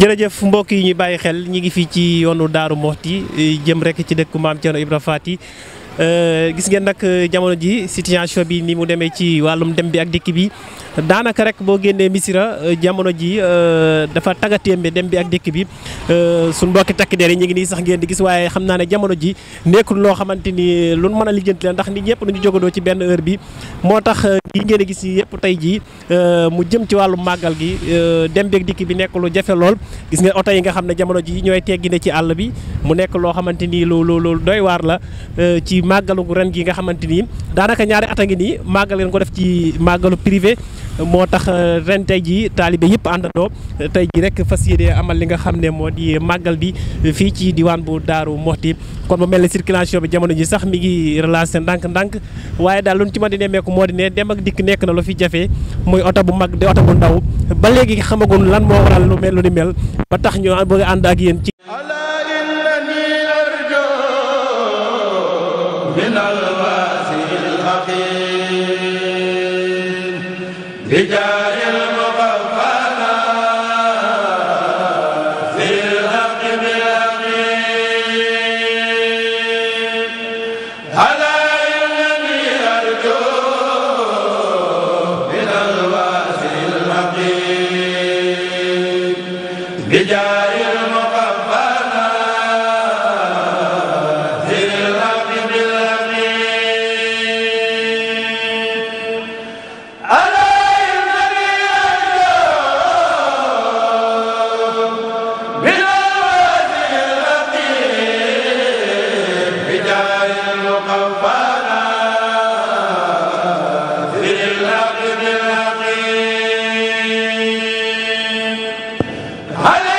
jërëjëf mbokk yi ñuy bàyyi xel ñi ngi fii ci yoonu Daaru Moxti e, jëm rek ci dëkku maam Thierno Ibra Faty e, gis ngeen nag e, jamono ji situation bi ni mu demee ci wàllum dem bi ak dikk bi daanaka rek boo génnee Missirah euh, jamono ji euh, dafa tagatéem bi dem bi ak dikk bi euh, suñ mbokki takk der yi ñu ngi nii sax ngeen di gis waaye xam naa ne jamono ji nekkul loo xamante ni lu mën a lijjanti ndax nit ñëpp nu ñu ci benn heure bi moo tax yi ngeen gis yi yëpp tey jii mu jëm ci wàllu màggal gi dem bi dikk bi nekk lu jafe lool gis nga oto yi nga xam ne jamono ji ñooy teggi ne ci àll bi mu nekk loo xamante ni lu lu lu doy waar la ci màggalu ren gi nga xamante ni daanaka ñaari at a ngi nii màggal ngeen ko def ci màggalu privé moo tax euh, ren tey jii taalibe yëpp àndandoo tey jii rek fas yéene amal li nga xam ne moo di màggal bi fii ci diwaan bu Daaru Moxti kon mu mel ne circulation bi jamono ji sax mi ngi relancé ndànk-ndànk waaye daal lu ñu ci mën di nemmeeku moo di ne dem ak dikk nekk na lu fi jafe muy oto bu mag di oto bu ndaw ba léegi xamagul lan moo waral lu mel lu ni mel ba tax ñu bëgg ànd ak yéen ci. bi jaayil Amen.